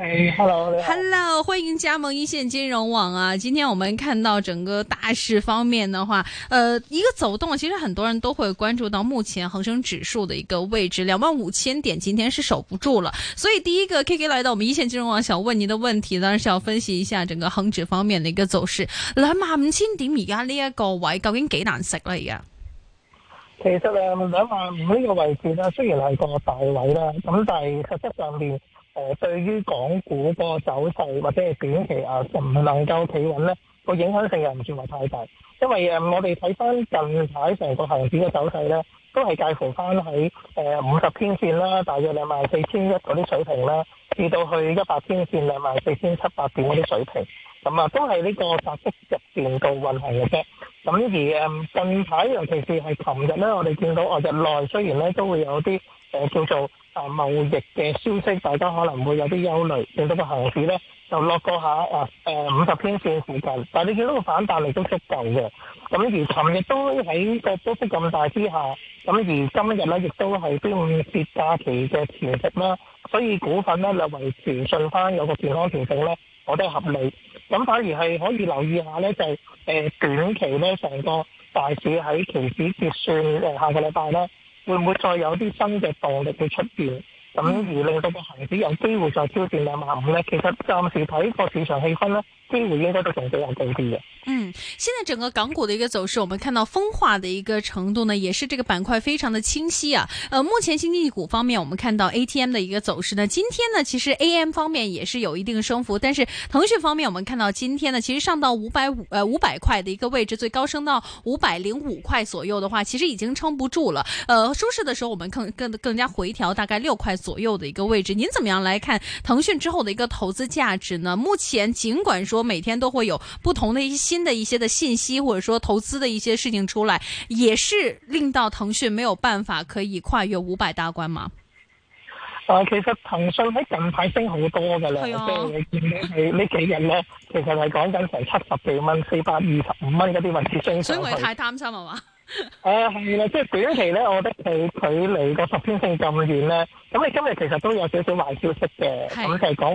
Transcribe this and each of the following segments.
Hey, Hello, Hello, 歡迎加盟一線金融網啊！今天我們看到整個大勢方面的話，呃，一個走動，其實很多人都會關注到目前恒生指數的一個位置，兩萬五千點，今天是守不住了。所以第一個 K K 來到我們一線金融網，想問您的問題，當然是要分析一下整個恒指方面的一個走勢。兩萬五千點，而家呢一個位，究竟幾難食了？而家其實兩萬五呢個位置呢，雖然係個大位啦，咁但係實質上面。誒、呃，對於港股個走勢或者係短期啊唔能夠企穩咧，個影響性又唔算話太大，因為誒、呃、我哋睇翻近排成個行市嘅走勢咧，都係介乎翻喺誒五十天線啦，大約兩萬四千一嗰啲水平啦，至到去一百天線兩萬四千七百點嗰啲水平。咁啊，都係呢個白色入電度運行嘅啫。咁而，近排尤其是係琴日咧，我哋見到外日內雖然咧都會有啲誒、呃、叫做誒貿易嘅消息，大家可能會有啲憂慮，令到個行市咧就落過下誒誒、呃、五十天綫附近。但係你見到個反彈力都足夠嘅。咁而琴日都喺個波幅咁大之下，咁而今日咧亦都係端午節假期嘅前夕啦。所以股份咧略為持上翻有個健康調整咧。我都係合理，咁反而係可以留意下咧，就係、是呃、短期咧，成個大市喺期指結算誒下個禮拜咧，會唔會再有啲新嘅動力去出現？咁而令到個恒指有機會再挑戰兩萬五，其實暫時睇個市場氣氛咧，機會應該都仲比較高啲嘅。嗯，現在整個港股的一個走勢，我們看到分化的一個程度呢，也是這個板塊非常的清晰啊。呃，目前新經濟股方面，我們看到 ATM 的一個走勢呢，今天呢其實 AM 方面也是有一定升幅，但是騰訊方面，我們看到今天呢，其實上到五百五，呃五百塊的一個位置，最高升到五百零五塊左右的話，其實已經撐不住了。呃，收市的時候，我們更更更加回調大概六塊。左右的一個位置，您怎麼樣來看騰訊之後的一個投資價值呢？目前儘管說每天都會有不同的一些新的一些的信息，或者說投資的一些事情出來，也是令到騰訊沒有辦法可以跨越五百大關嗎？啊、呃，其實騰訊喺近排升好多噶啦，係、啊、你見到呢幾日其實係講緊成七十幾蚊、四百二十五蚊嗰啲位置升上，所以太貪心嘛。誒係啦，即係、 呃、短期咧，我覺得佢佢離個十天綫咁遠咧。咁你今日其實都有少少壞消息嘅，咁的就係講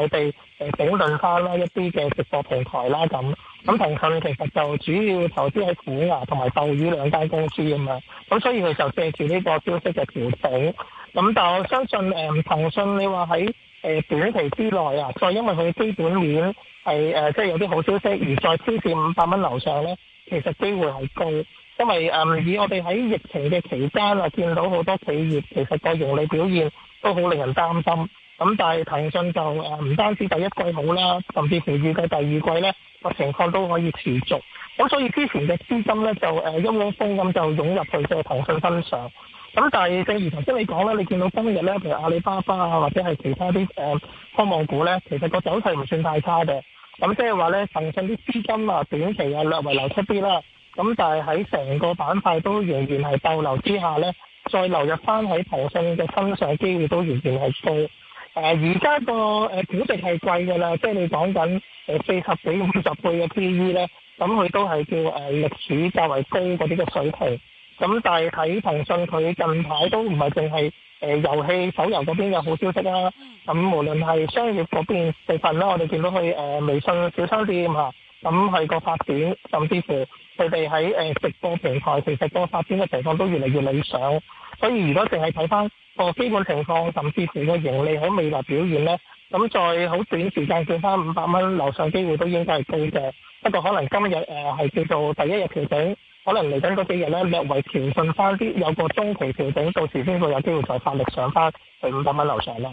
內地誒整頓翻啦一啲嘅直播平台啦咁。咁騰訊其實就主要投資喺虎牙同埋鬥魚兩間公司嘅嘛。咁所以佢就借住呢個消息嘅調整。咁但我相信誒騰訊，呃、你話喺誒短期之內啊，再因為佢基本面係誒即係有啲好消息，而再挑戰五百蚊樓上咧，其實機會係高。因為誒、嗯，以我哋喺疫情嘅期間啊，見到好多企業其實個盈利表現都好令人擔心。咁但係騰訊就誒，唔、呃、單止第一季好啦，甚至乎預計第二季咧，個情況都可以持續。咁所以之前嘅資金咧就誒，一、呃、窩蜂咁就湧入去嘅騰訊身上。咁但係正如頭先你講啦，你見到今日咧，譬如阿里巴巴啊，或者係其他啲誒，科、嗯、網股咧，其實個走勢唔算太差嘅。咁即係話咧，騰訊啲資金啊，短期啊略為流出啲啦。咁但係喺成個板塊都仍然係逗留之下呢，再流入翻喺騰訊嘅身上機會都仍然係高。而家個誒估值係貴㗎啦，即係你講緊誒四十幾五十倍嘅 P E 呢，咁、嗯、佢都係叫誒、呃、歷史較為高嗰啲嘅水平。咁、嗯、但係喺騰訊佢近排都唔係淨係遊戲手遊嗰邊有好消息啦、啊。咁、嗯嗯嗯、無論係商業嗰邊部份啦，我哋見到佢、呃、微信小商店咁佢個發展，甚至乎佢哋喺誒直播平台，其實個發展嘅情況都越嚟越理想。所以如果淨係睇翻個基本情況，甚至乎個盈利喺未來表現咧，咁再好短時間賺翻五百蚊樓上機會都應該係高嘅。不過可能今日誒係叫做第一日調整，可能嚟緊嗰幾日咧略為調順翻啲，有個中期調整，到時先會有機會再發力上翻去五百蚊樓上啦。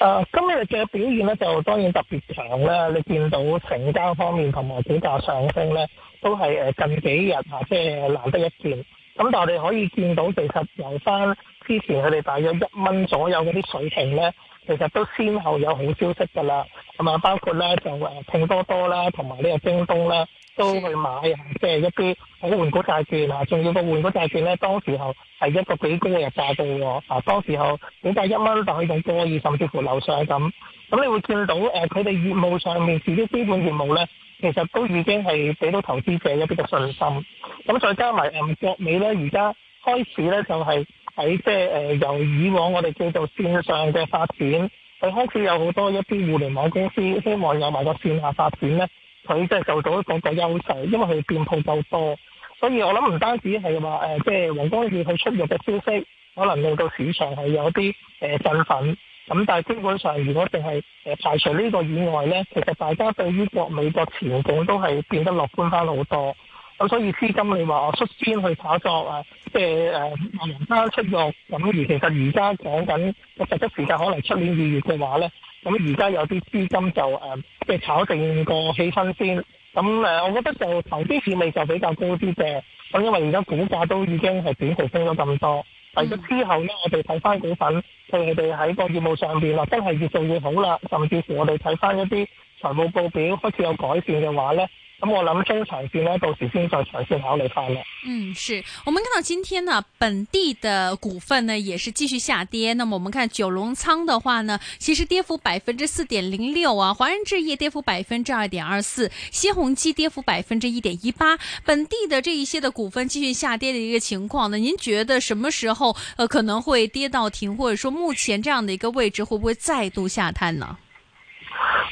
誒、uh, 今日嘅表現咧，就當然特別強咧。你見到成交方面同埋股價上升咧，都係近幾日啊，即、就、係、是、難得一見。咁但我哋可以見到，其實由翻之前佢哋大約一蚊左右嗰啲水平咧，其實都先後有好消息㗎啦。咁埋包括咧就誒拼多多啦，同埋呢個京東啦。都去買啊！即、就、係、是、一啲好換股債券啊，仲要個換股債券咧，當時候係一個幾高嘅價道喎啊！當時候本價一蚊，但係用過二，甚至乎流上。咁。咁你會見到誒，佢、啊、哋業務上面自己基本業務咧，其實都已經係俾到投資者一啲嘅信心。咁再加埋嗯、啊，國美咧，而家開始咧就係喺即係由以往我哋叫做線上嘅發展，佢開始有好多一啲互聯網公司希望有埋個線下發展咧。佢即係做到一個個優勢，因為佢店鋪就多，所以我諗唔單止係話誒，即係黃光裕佢出獄嘅消息，可能令到市場係有啲誒、呃、振奮。咁但係基本上，如果淨係誒排除呢個以外咧，其實大家對於國美國前景都係變得樂觀翻好多。咁所以資金你說，你話我率先去炒作啊，即係誒黃家出獄，咁而其實而家講緊嘅實際時間可能出年二月嘅話咧。咁而家有啲資金就誒，即、嗯、炒定個氣氛先。咁誒，我覺得就投資市味就比較高啲嘅。咁因為而家股價都已經係短期升咗咁多，係咗之後咧，我哋睇翻股份，譬如你哋喺個業務上面，或者係越做越好啦。甚至乎我哋睇翻一啲財務報表，開始有改善嘅話咧。咁我諗中長線呢，到時先再詳細考慮翻咯。嗯，是我們看到今天呢，本地的股份呢也是繼續下跌。那麼我們看九龍倉的話呢，其實跌幅百分之四點零六啊，華潤置業跌幅百分之二點二四，新鴻基跌幅百分之一點一八。本地的這一些的股份繼續下跌的一個情況呢，您覺得什麼時候，呃可能會跌到停，或者說目前這樣的一個位置，會不會再度下探呢？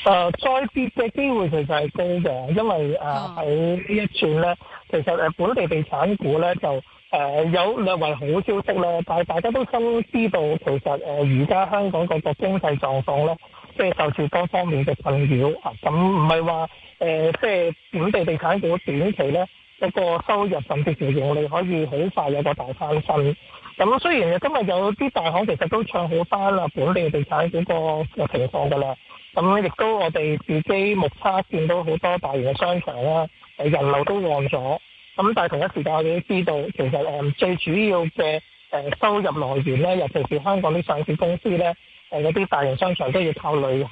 誒、啊、再跌嘅機會其實係高嘅，因為誒喺、啊啊、呢一轉咧，其實誒本地地產股咧就誒、呃、有略為好消息咧，但係大家都都知道，其實誒而家香港嗰個經濟狀況咧，即、就、係、是、受住多方面嘅困擾，咁唔係話誒即係本地地產股短期咧嗰個收入甚至乎盈利可以好快有一個大翻身。咁雖然今日有啲大行其實都唱好翻啦，本地嘅地產嗰個情況噶啦。咁亦都我哋自己目測見到好多大型嘅商場啦、啊，人流都旺咗。咁但係同一時間，我哋都知道，其實最主要嘅收入來源呢，尤其是香港啲上市公司呢，有啲大型商場都要靠旅客。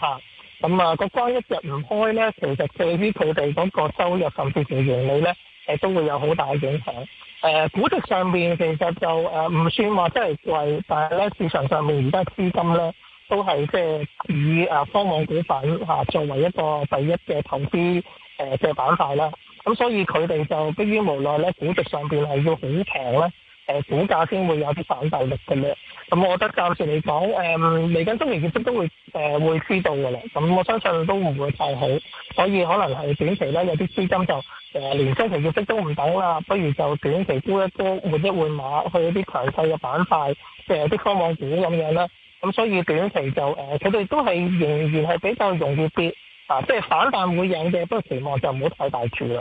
咁啊，個關一日唔開呢，其實對於佢哋嗰個收入甚至乎盈利呢，都會有好大嘅影響。誒估值上面其實就誒唔算話真係貴，但係咧市場上面而家資金咧都係即係以啊科網股份嚇作為一個第一嘅投資誒嘅板塊啦，咁所以佢哋就迫於無奈咧，估值上邊係要好平咧，誒股價先會有啲反彈力嘅咧。咁、嗯、我覺得暫時嚟講，誒、嗯、嚟緊中期業績都會誒、呃、會知道嘅啦。咁、嗯、我相信都唔會太好，所以可能係短期咧有啲資金就誒、呃、連中期業績都唔等啦，不如就短期沽一沽換一換碼，去一啲強勢嘅板塊，誒啲科網股咁樣啦。咁、嗯、所以短期就誒佢哋都係仍然係比較容易啲，啊，即、就、係、是、反彈會贏嘅，不過期望就唔好太大住啦。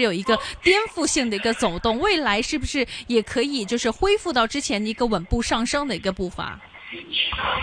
有一個顛覆性的一個走動，未來是不是也可以就是恢復到之前一個穩步上升的一個步伐？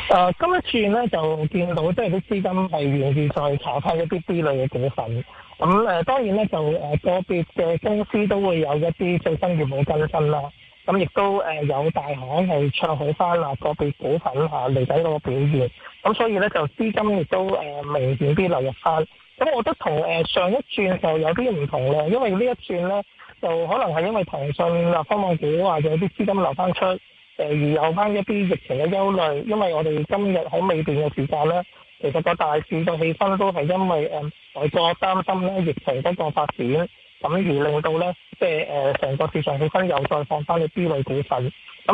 啊、呃，今一次咧就見到即係啲資金係仍然在炒翻一啲 B 類嘅股份，咁、嗯、誒、呃、當然咧就誒個、呃、別嘅公司都會有一啲最新業務更新啦，咁、嗯、亦都誒、呃、有大行係唱好翻啦個別股份啊嚟緊嗰個表現，咁、嗯、所以咧就資金亦都誒、呃、明顯啲流入翻。咁我覺得同誒上一轉就有啲唔同咧，因為呢一轉咧就可能係因為騰訊啦，科網股或者有啲資金流翻出，誒，而有翻一啲疫情嘅憂慮，因為我哋今日喺尾段嘅時間咧，其實個大市嘅氣氛都係因為誒、呃，我個擔心咧疫情嗰個發展，咁而令到咧即係誒成個市場氣氛又再放翻去 B 類股份咁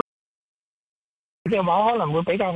嘅話，可能會比較。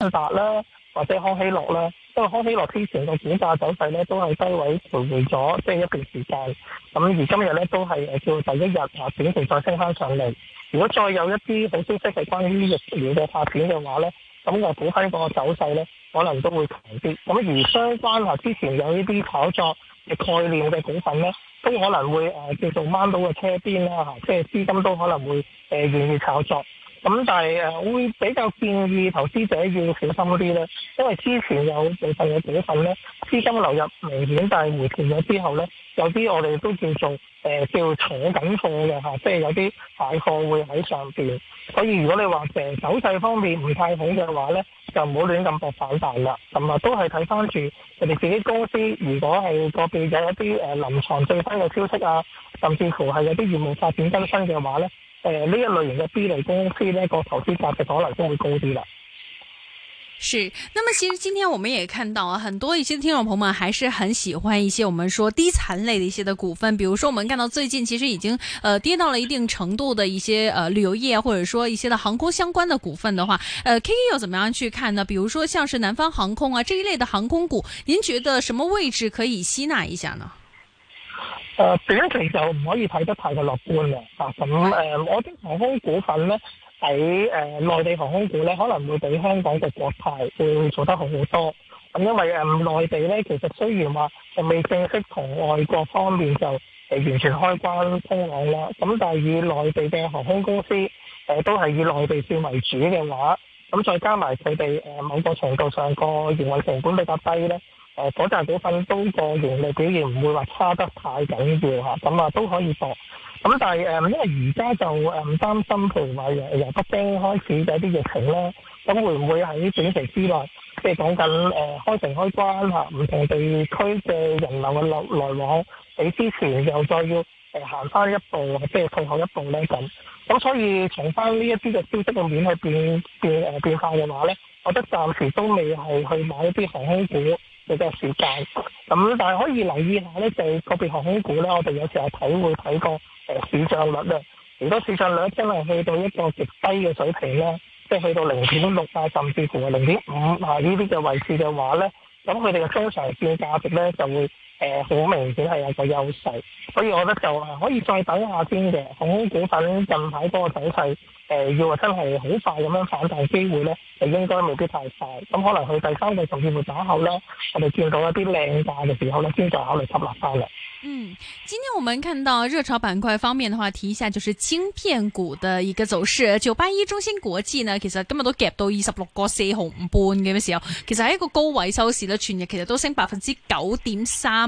新達啦，或者康希諾啦，因為康希諾之前個股價走勢咧都係低位徘徊咗，即係一段時間。咁而今日咧都係誒叫第一日啊，短期再升翻上嚟。如果再有一啲好消息係關於疫苗嘅發展嘅話咧，咁我估翻個走勢咧可能都會強啲。咁而相關啊之前有呢啲炒作嘅概念嘅股份咧，都可能會誒叫做掹到個車邊啦，即係資金都可能會誒願意炒作。咁但係呃，會比較建議投資者要小心啲咧，因為之前有部分嘅股份咧資金流入明顯，但係回填咗之後咧，有啲我哋都叫做、呃、叫做重坐緊貨嘅吓，即係有啲大貨會喺上面，所以如果你話成手勢方面唔太好嘅話咧，就唔好亂咁搏反彈啦。咁啊，都係睇翻住人哋自己公司，如果係個別有一啲、呃、臨床最新嘅消息啊，甚至乎係有啲業務發展更新嘅話咧。呃，呢一類型嘅 B 類公司呢個投資價值可能都會高啲啦。是，那麼其實今天我們也看到啊，很多一些聽眾朋友們還是很喜歡一些我們說低殘類的一些的股份，比如說我們看到最近其實已經，呃，跌到了一定程度的一些，呃，旅遊業或者說一些的航空相關的股份的話，呃 KK 又怎麼樣去看呢？比如說像是南方航空啊這一類的航空股，您覺得什麼位置可以吸納一下呢？誒短、呃、期就唔可以睇得太過樂觀嘅，啊咁誒、呃，我啲航空股份咧喺誒內地航空股咧，可能會比香港嘅國泰會做得好好多，咁、啊、因為誒內、呃、地咧其實雖然話、呃、未正式同外國方面就誒、呃、完全開關通航啦，咁、啊、但係以內地嘅航空公司誒、呃、都係以內地票為主嘅話，咁、啊、再加埋佢哋誒某個程度上個營運成本比較低咧。誒嗰扎股份都個盈利表現唔會話差得太緊要嚇，咁啊都可以搏。咁但係因為而家就誒唔擔心，譬如話由北京開始嘅一啲疫情咧，咁會唔會喺短期之內，即係講緊誒開城開關嚇，唔同地區嘅人流嘅流來往，比之前又再要誒行翻一步，或者退後一步咧咁，咁所以從翻呢一啲嘅消息嘅面去變變誒變化嘅話咧，我覺得暫時都未係去買一啲航空股嘅時間，咁但係可以留意一下咧，就係個別航空股咧，我哋有時候睇會睇個誒、呃、市帳率啊，如果市帳率真係去到一個極低嘅水平咧，即係去到零點六啊，甚至乎係零點五啊呢啲嘅位置嘅話咧，咁佢哋嘅收成線嘅價值咧就會。誒，好、呃、明顯係有一個優勢，所以我覺得就可以再等一下先嘅。航空股份近排嗰個走勢，誒、呃，要真係好快咁樣反彈機會咧，就應該冇幾太快。咁可能去第三度仲要會打後咧，我哋見到一啲靚價嘅時候咧，先再考慮吸納翻嚟。嗯，今天我們看到熱潮板塊方面的話，提一下就是晶片股的一個走勢。九八一、中芯國際呢，其實今日都夾到二十六個四毫五半咁嘅時候，其實喺一個高位收市啦，全日其實都升百分之九點三。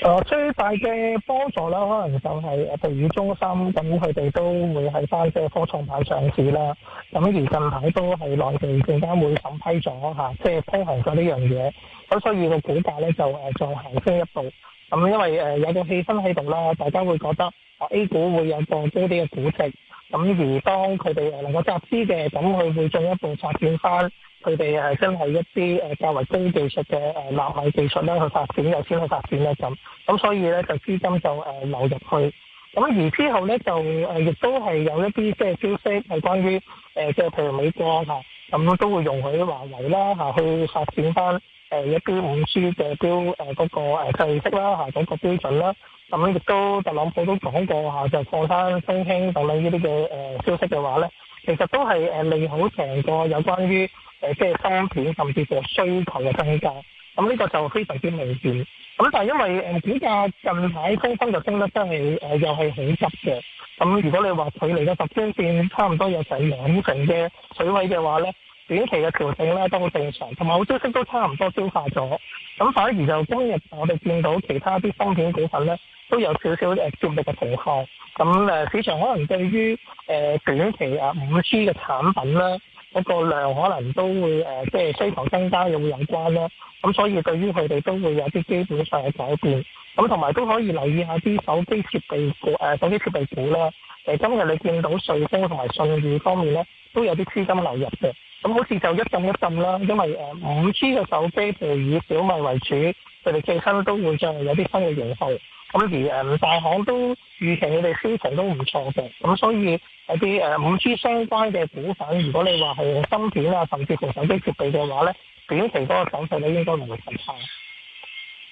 誒、呃，最大嘅幫助咧，可能就係、是、誒，培育中心咁，佢哋都會喺翻嘅科創板上市啦。咁而近排都係內地證監會審批咗吓，即係推行咗呢樣嘢，咁、就是、所以個股價咧就誒，再、啊、行進一步。咁因為誒有個氣氛喺度啦，大家會覺得啊 A 股會有個高啲嘅估值。咁而當佢哋誒能夠集資嘅，咁佢會進一步發展翻佢哋誒，即係一啲誒較為高技術嘅誒納米技術咧去發展，又先去發展呢。咁。咁所以咧就資金就誒流入去。咁而之後咧就誒亦都係有一啲即係消息係關於誒即係譬如美國咁、嗯、都會容許華為啦、啊、去發展翻一啲五 G 嘅標誒嗰、啊那個誒制式啦嗰個標準啦，咁、啊、亦、那個啊嗯、都特朗普都講過、啊、就是、放生中興等等呢啲嘅消息嘅話咧，其實都係利好成個有關於、啊、即係芯片甚至乎需求嘅增加。咁呢個就非常之明顯，咁但係因為誒股價近排高峰就升得真係、呃、又係好急嘅，咁如果你話佢離嘅十天線差唔多有成兩成嘅水位嘅話咧，短期嘅調整咧都好正常，同埋好消息都差唔多消化咗，咁反而就今日我哋見到其他啲方向股份咧都有少少誒積力嘅情況，咁市場可能對於誒、呃、短期啊五 G 嘅產品咧。一個量可能都會誒，即係需求增加又會有關啦。咁所以對於佢哋都會有啲基本上嘅改變。咁同埋都可以留意下啲手機設備股、呃、手機設備股咧。誒、呃、今日你見到瑞星同埋信譽方面咧，都有啲資金流入嘅。咁好似就一浸一浸啦，因為誒五 G 嘅手機係以小米為主，佢哋最新都會再有啲新嘅型號。咁而誒大行都預期你哋銷情都唔錯嘅，咁所以有啲誒五 G 相關嘅股份，如果你話係用芯片啊，甚至乎手機設備嘅話咧，短期嗰個走勢咧應該唔會太差。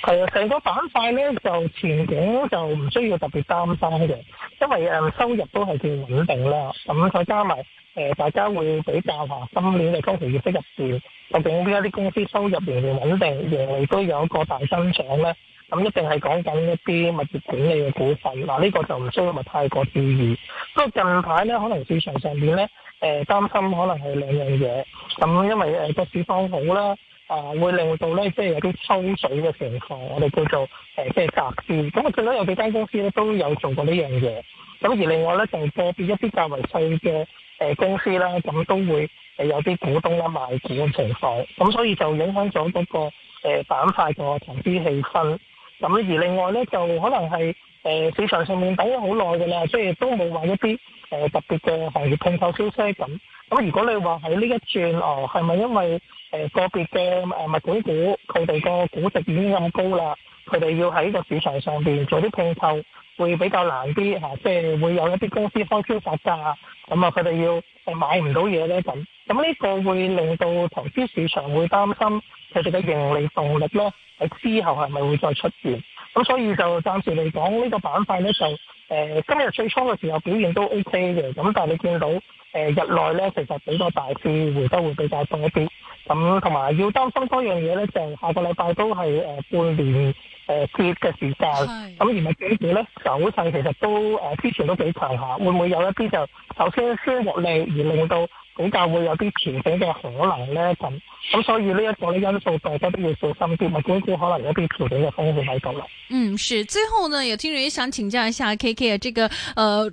係啊，成個板塊咧就前景就唔需要特別擔心嘅，因為誒、嗯、收入都係算穩定啦。咁、嗯、再加埋誒、呃、大家會比較下今年嘅今期業績入邊，究竟依家啲公司收入年年穩定，盈利都有個大增長咧。咁、嗯、一定係講緊一啲物業管理嘅股份。嗱、啊，呢、呢個就唔需要咪太過注意。不過近排咧，可能市場上面咧誒、呃、擔心可能係兩樣嘢。咁、嗯、因為誒個、呃、市況好啦。啊，會令到咧，即係有啲抽水嘅情況，我哋叫做、呃、即係隔支。咁啊，最緊有幾間公司咧都有做過呢樣嘢。咁而另外咧，就借啲一啲較為細嘅、呃、公司啦，咁都會有啲股東啦賣股嘅情況。咁所以就影響咗嗰、那個呃板塊個投資氣氛。咁而另外咧，就可能係、呃、市場上面等咗好耐嘅啦，即係都冇話一啲、呃、特別嘅行業併購消息咁。咁如果你話喺呢一轉，哦，係咪因為、呃、個別嘅誒物管股佢哋個估值已經咁高啦？佢哋要喺呢個市場上邊做啲併購，會比較難啲嚇、啊，即係會有一啲公司方超發價，咁啊佢哋要誒買唔到嘢咧咁，咁呢個會令到投資市場會擔心佢哋嘅盈利動力咯，喺之後係咪會再出現？咁所以就暫時嚟講，呢、呢個板塊咧就誒今日最初嘅時候表現都 OK 嘅，咁但係你見到誒、呃、日內咧，其實比較大市回得會比較多一啲。咁同埋要擔心多樣嘢咧，就係下個禮拜都係誒、呃、半年結嘅、呃、時間。咁是而咪幾時咧走勢其實都誒之、呃、前都幾強下，會唔會有一啲就首先舒獲利而令到股價會有啲調整嘅可能咧？咁、嗯、咁所以呢一個因素大家都要小心啲，咪沽一可能有啲調整嘅風險喺度。啦。嗯，是。最後呢，有聽者想請教一下 K K 啊，這個呃。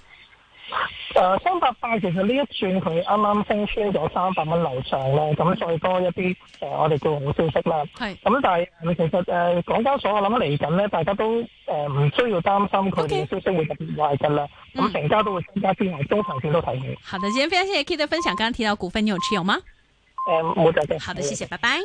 誒、呃，三百八其實呢一轉佢啱啱升穿咗三百蚊樓上咧，咁再多一啲誒、呃，我哋叫好消息啦。係咁是、嗯，但係其實誒，港、呃、交所我諗嚟緊咧，大家都誒唔、呃、需要擔心佢哋嘅消息會特別壞噶啦。咁成交都會增加之外，中長線都睇好。好的，今天非常謝謝 Ki 嘅分享。剛剛提到股份，你有持有嗎？誒、呃，冇就。好的，謝謝，對拜拜。